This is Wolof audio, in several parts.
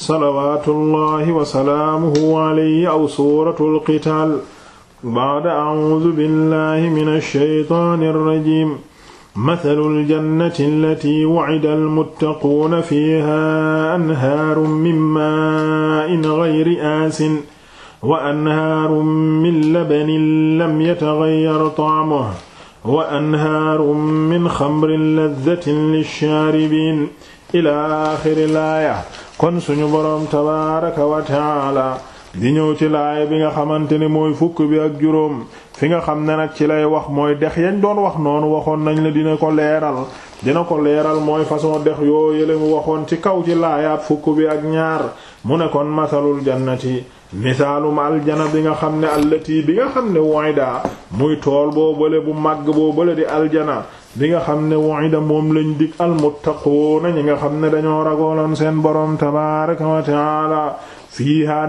salawaatullahi wa salaamuhu alayhi aw suuratul qitaal ba'da a'uuzu billahi mina shaytaani rajiim masalul jannati allatii wa'ida almuttaquuna fiihaa anhaarun min maa'in ghayri aasin wa anhaarun min labanin lam yataghayyar ta'muhu wa anhaarun min xamrin lazzatin lishaaribiin ilaa aaxiri aaya kon suñu borom tabaaraka wa taala di ñëw ci laaya bi nga xamante ne mooy fukk bi ak juróom fi nga xam ne nag ci lay wax mooy dex yañ doon wax noonu waxoon nañ la dina ko leeral dina ko leeral mooy façon dex yoo yële mu waxoon ci kaw ci laayaat fukk bi ak ñaar mu ne kon masalul jannati misaalum aljana bi nga xam ne allati bi nga xam ne waydaa muy tool boo bële bu màgg boo bële di aljana li nga xam ne wa'ida moom lañ dig almuttaquuna ñi nga xam ne dañoo ragoloon seen borom tabaaraka wa ta'aala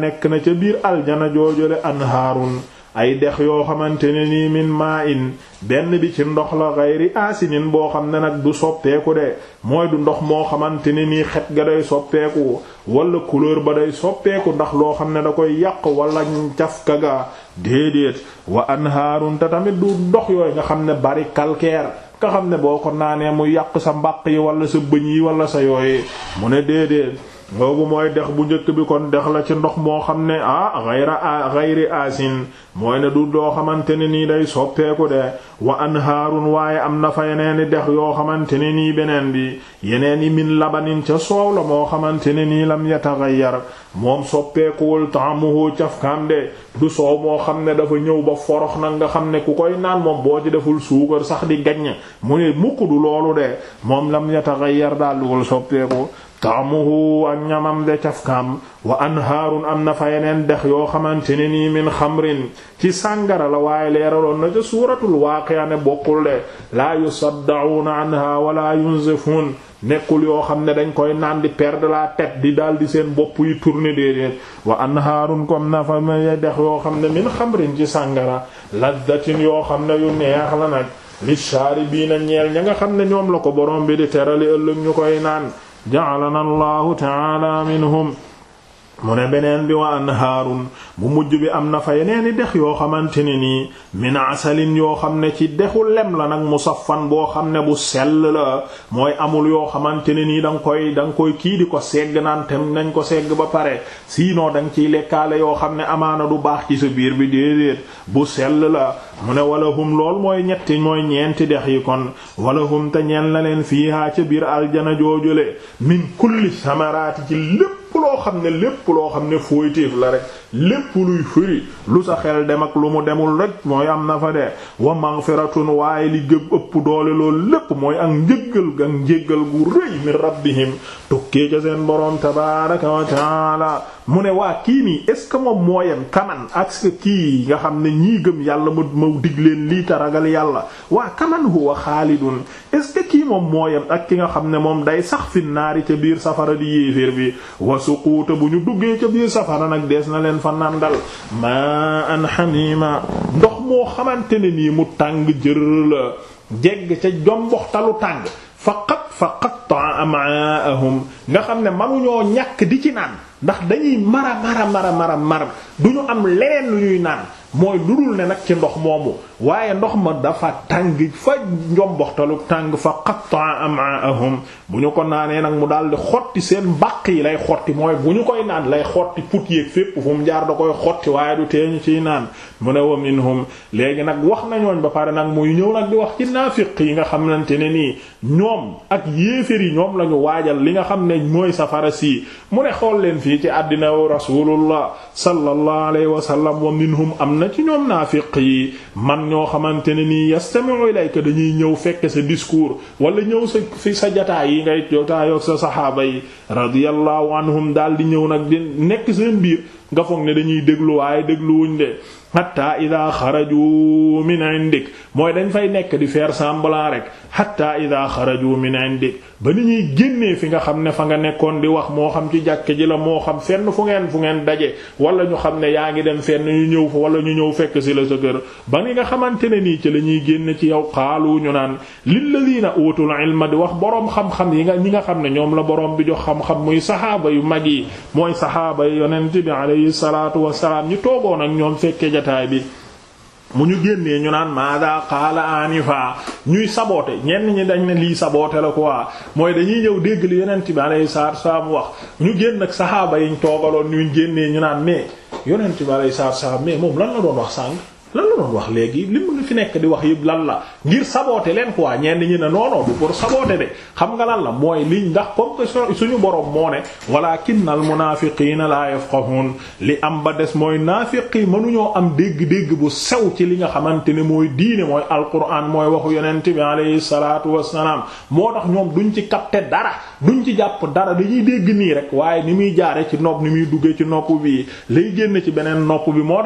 nekk na ca biir aljana joojole anhaarun ay dex yoo xamante ne nii min maa in benn bi ci ndox la xayri aasinin boo xam ne nag du soppeeku de mooy du ndox moo xamante ne nii xet ga day soppeeku wala couleur ba day soppeeku ndax loo xam ne da koy yàq wala caf ka ga déedéet wa anhaarun te tamit du ndox yooyu nga xam ne bari calcaire nga xam ne boo ko naanee mu yàq sa mbàq yi wala sa bëñ yi walla sa yooyee mu ne déedéet boobu mooy dex bu njëkk bi kon dex la ci ndox moo xam ne ah xayra asin ah, mooy ne du doo xamante ne nii day soppeeku de wa anhaarun waaye am na fa yeneen yeneeni dex yoo xamante ne nii beneen bi yeneen yi min labanin ca soow la moo xamante ne nii lam yataxayyar moom soppeekuwul taamuhu cafkaam de du soow moo xam ne dafa ñëw ba forox nag nga xam ne ku koy naan moom boo ci deful suukar sax di gaññ mu ne mukk du loolu de moom lam yataxayyar daal duwul soppeeku taamuhu ak ñamam de cafkaam wa anhaarun am na fa yeneen dex yoo xamante ne nii min xamrin ci sàngara la waaye leeraloon na ca suuratul waaqi'a ne bokkul de laa yusaddacuuna anha wala yunzifuun nekkul yoo xam ne dañ koy naan di perdre la tête di daal di seen bopp yi tourner déedéet wa anhaarun comme na fa dex yoo xam ne min xamrin ci sàngara lazzatin yoo xam ne yu neex la nag li shaaribiina ñeel ña nga xam ne ñoom la ko borom bi di terali ëllëg ñu koy naan ja'alana allahu ta'ala minhum mu ne beneen bi wa anhaarun bu mujj bi am na fa yeneen yeneeni dex yoo xamante ne nii min yoo xam ne ci dexu lem la nag musaffan boo xam ne bu sell la mooy amul yoo xamante ne nii da nga koy da nga koy kii di ko segg naan tem nañ ko segg ba pare sinon da nga ciy lekkaale yoo xam ne amaana du baax ci sa biir bi déedéet bu sell la mu ne wala hum lool mooy ñetti mooy ñeenti dex yi kon wala hum te ñeen la leen fiihaa ca biir aljana joojule min kulli samaraati ci loo xam ne lépp loo xam ne fooytéef la rek lépp luy firi lu sa xel dem ak lu mu demul rek mooy am na fa de wa maghfiratun waaye li gëb ëpp doole loolu lépp mooy ak njëggal ak njëggal gu rëy min rabbihim tukkee ca seen boroom tabaraka wa taala mu ne waa kii nii est ce que moom mooyem kaman ak ce kii nga xam ne ñii gëm yàlla ma ma dig leen lii taragal yàlla waa kaman huwa xaalidun est kii moom mooyem ak ki nga xam ne moom day sax fi naari ca biir safara suquuta bu ñu duggee ca biir safara nag des na leen fa nandal ma an hamima ndox moo xamante ne nii mu tàng jër la jegg ca jomboxtalu tàng faqat faqatta am'aahum nga xam ne manuñoo ñàkk di ci naan ndax dañuy mara mara mara mara du ñu am leneen lu ñuy naan mooy lu dul ne nag ci ndox moomu waaye ndox ma dafa tàng fa njomboxtalu tàng fa qatta'a am'a'ahum bu ñu ko naanee nag mu daal di xotti seen mbaq yi lay xotti mooy bu ñu koy naan lay xotti put yeeg fépp fu mu jaar da koy xotti waaye du tee ñu ciy naan mu ne wa minhum léegi nag wax na ba pare nag muy ñëw nag di wax ci naafiq yi nga xamante ne nii ñoom ak yéefér yi ñoom la waajal li nga xam ne mooy safara si mu ne xool leen fii ci àddina rasulullah sallallahu alayhi wa sallam wa minhum am am na ci ñoom naafiq yi man ñoo xamante ne nii yastami'u ilayka dañuy ñëw fekk sa discours wala ñëw sa fi sa jataay yi ngay jotaayoog sa saxaaba yi radiyallahu anhum daal di ñëw nag di nekk seen biir nga foog ne dañuy déglu waaye dégluwuñ de hatta ida mi min indik mooy dañ fay nekk di faire semblant rek hatta ida mi min indik ba ni ñuy génnee fi nga xam ne fa nga nekkoon di wax moo xam ci jàkk ji la moo xam fenn fu ngeen fu ngeen daje wala ñu xam ne yaa ngi dem fenn ñu ñëw fa wala ñu ñëw fekk si la sa kër ba ni nga xamante ne nii ci la ñuy génn ci yow xaalu ñu naan na utul ilma di wax boroom xam-xam yi nga ñi nga xam ne ñoom la boroom bi jox xam-xam muy saxaaba yu mag yi mooy saxaaba yi yonent bi alayhi toogoon ak ñoom jataay bi mu ñu génnee ñu naan maada qaala anifa ñuy saboote ñenn ñi dañ lii saboote la quoi mooy dañuy ñëw dégg li yonent bi alayhi salaatu mu wax ñu génn ak saxaaba yiñ toogaloon ñu génnee ñu naan mais yonent bi alayhi salaatu salaam mais moom lan la doon wax sàng lan doon wax léegi li fi nekk di wax yëpp lan la ngir saboter leen quoi ñenn ñi ne non non du pour saboter de xam nga lan la mooy liñ ndax comme que suñu boroom moo ne walaakinnal munaafiqiina laa yafqahuun li am ba des mooy naafiqi mënuñoo am dégg-dégg bu sew ci li nga xamante ne mooy diine mooy alquran mooy waxu yonent bi alayhi salaatu wassalaam moo tax ñoom duñ ci capter dara duñ ci jàpp dara dañuy dégg nii rek waaye ni muy jaare ci nopp ni muy duggee ci nopp bi lay génn ci beneen nopp bi moo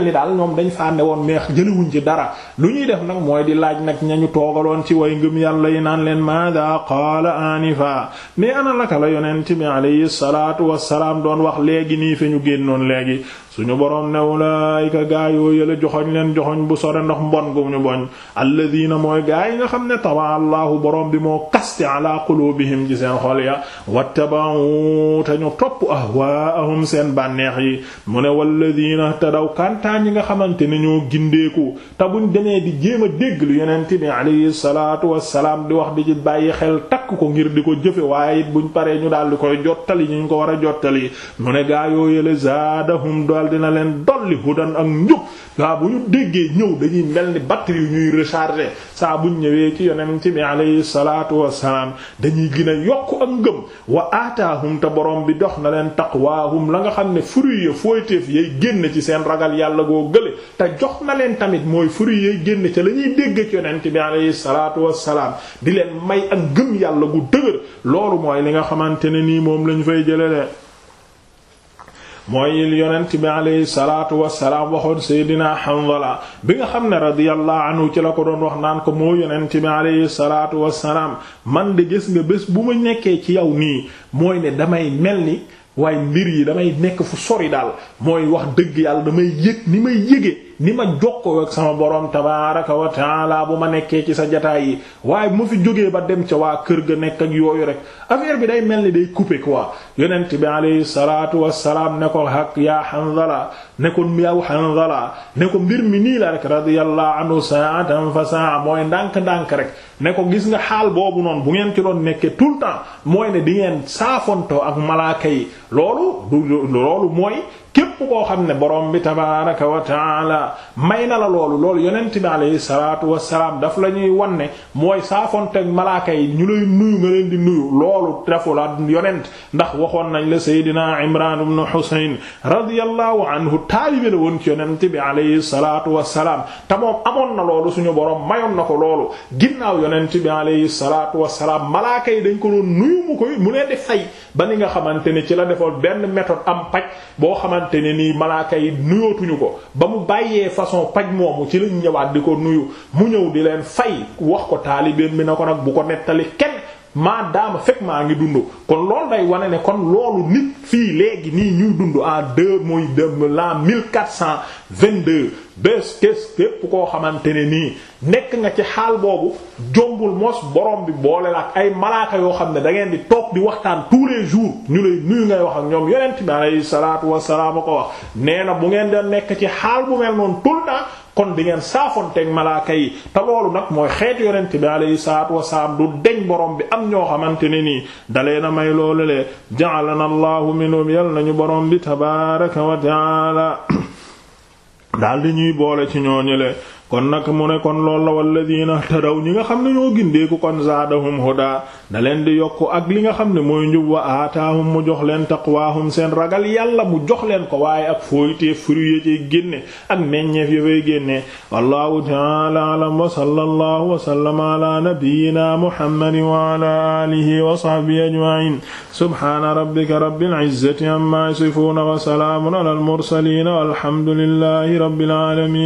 mel daal ñoom dañ fànne woon meex jëliwuñ ci dara lu ñuy def nag mooy di laaj nag ñañu toogaloon ci way ngëm yàlla yi naan leen maada qaala anifa mais ana laka la yonent mi alayhi salaatu wassalaam doon wax léegi nii fi ñu génnoon léegi suñu boroom ne ulaayika gaa yoo yëla joxoñ leen joxoñ bu sore ndox mbon gu ñu boñ alladina mooy gaa yi nga xam ne taba allahu boroom bi moo kaste ala qulubihim ci seen xol ya wattaba'u te ñu topp ahwaahum seen bànneex yi mu ne te tadaw kantaa ñi nga xamante ne ñoo gindeeku te buñ demee di jéem a dégg lu yonent bi alayhi salaatu wassalaam di wax di ci bàyyi xel takk ko ngir di ko jëfe waaye it buñ paree ñu daal di koy jottali ñu ko war a jottali daal dina leen dolli hudan ak njub saa bu ñu déggee ñëw dañuy mel ni batt yu ñuy recharger saa bu ñu ñëwee ci yonent bi alayhi salaatu wassalaam dañuy gën yokk ak ngëm wa aataahum te borom bi jox na leen taqwaahum la nga xam ne fruit ya fooyteef yay génn ci seen ragal yàlla goo gële te jox na leen tamit mooy fruit yay génn ca la ñuy dégg ci yonent bi alayhi salaatu wassalaam di leen may ak ngëm yàlla gu dëgër loolu mooy li nga xamante ne nii moom lañu fay jëlee mooy il yonent bi alayhi salaatu wasalaam waxoon Seydina Hanzala bi nga xam ne radiyallahu anhu ci la ko doon wax naan ko moo yonent bi alayhi salaatu wasalaam man de gis nga bés bu ma nekkee ci yow nii mooy ne damay mel ni waaye mbir yi damay nekk fu sori daal mooy wax dëgg yàlla damay yëg ni may yëgee. ni ma jokkoo ak sama borom tabaaraka wa taala bu ma nekkee ci sa jataay yi waaye bu fi jógee ba dem ca waa kër ga nekk yooyu rek affaire bi day mel ni day couper quoi yonent bi alayhi salaatu wassalaam ne ko hak yaa Hanzala ne ko yaw ko mbir mi nii la rek radiyallahu anhu sa'atan fa sa'a mooy ndànk-ndànk rek ne ko gis nga xaal boobu noonu bu ngeen ci doon nekkee tout le temps mooy ne di ngeen saafontoo ak malaaka yi loolu loolu mooy képp koo xam ne borom bi tabaaraka wa taala may na la loolu loolu yonent bi alayhi salaatu wa salaam daf la ñuy wan ne mooy saafonteeg malaaka yi ñu lay nuyu nga leen di nuyu loolu dafa la yonent ndax waxoon nañ la Seydina Imraan ibn Husayn radiyallahu anhu taalibe la woon ci yonent bi alayhi salaatu wa salaam te moom amoon na loolu suñu borom mayoon na ko loolu ginnaaw yonent bi alayhi salaatu wa salaam malaaka yi dañ ko doon nuyu mu koy mu leen di ba ni nga xamante ne ci la defoon benn méthode am paj boo xamante ne nii malaaka yi nuyootuñu ko ba mu bàyyee façon paj moomu ci lañ ñëwaat di ko nuyu mu ñëw di leen fay wax ko taalibeem bi na ko nag bu ko nettali kenn maa daama fekk maa ngi dund kon loolu day wane ne kon loolu nit fii léegi nii ñuy dund en deux mooy dem l'an mille quatre cent vingt-deux bés kés képp koo xamante ne nii nekk nga ci xaal boobu jombul mos borom bi boole la ak ay malaaka yoo xam ne da ngeen di toog di waxtaan tous les jours ñu lay nuyu ngay wax ak ñoom yonent bi alayhi salaatu wassalaam ko wax nee na bu ngeen da nekk ci xaal bu mel noonu tout le kon di ngeen saafonteeg malaaka yi te loolu nag mooy xeet yonent bi alayhi salaatu wasalaam du deñ borom bi am ñoo xamante ne nii dalee na may loolu le ja'alana allahu minhum yal nañu borom bi tabaaraka wa ta'ala daal di ñuy boole ci ñooñu le kon nag mu ne kon lool la walladina tadaw ñi nga xam ne ñoo gindeeku kon zaadahum huda na leen di yokk ak li nga xam ne mooy njub wa aataahum mu jox leen taqwaahum sen ragal yàlla mu jox leen ko waaye ak fooytee fruit ya ci génne ak meññeef ya fay génne wallahu ta'ala a'lam wa sallallahu wa sallama ala nabiyyina muhammadin wa ala alihi wa sahbihi ajma'in subhana rabbika rabbil wa salamun ala al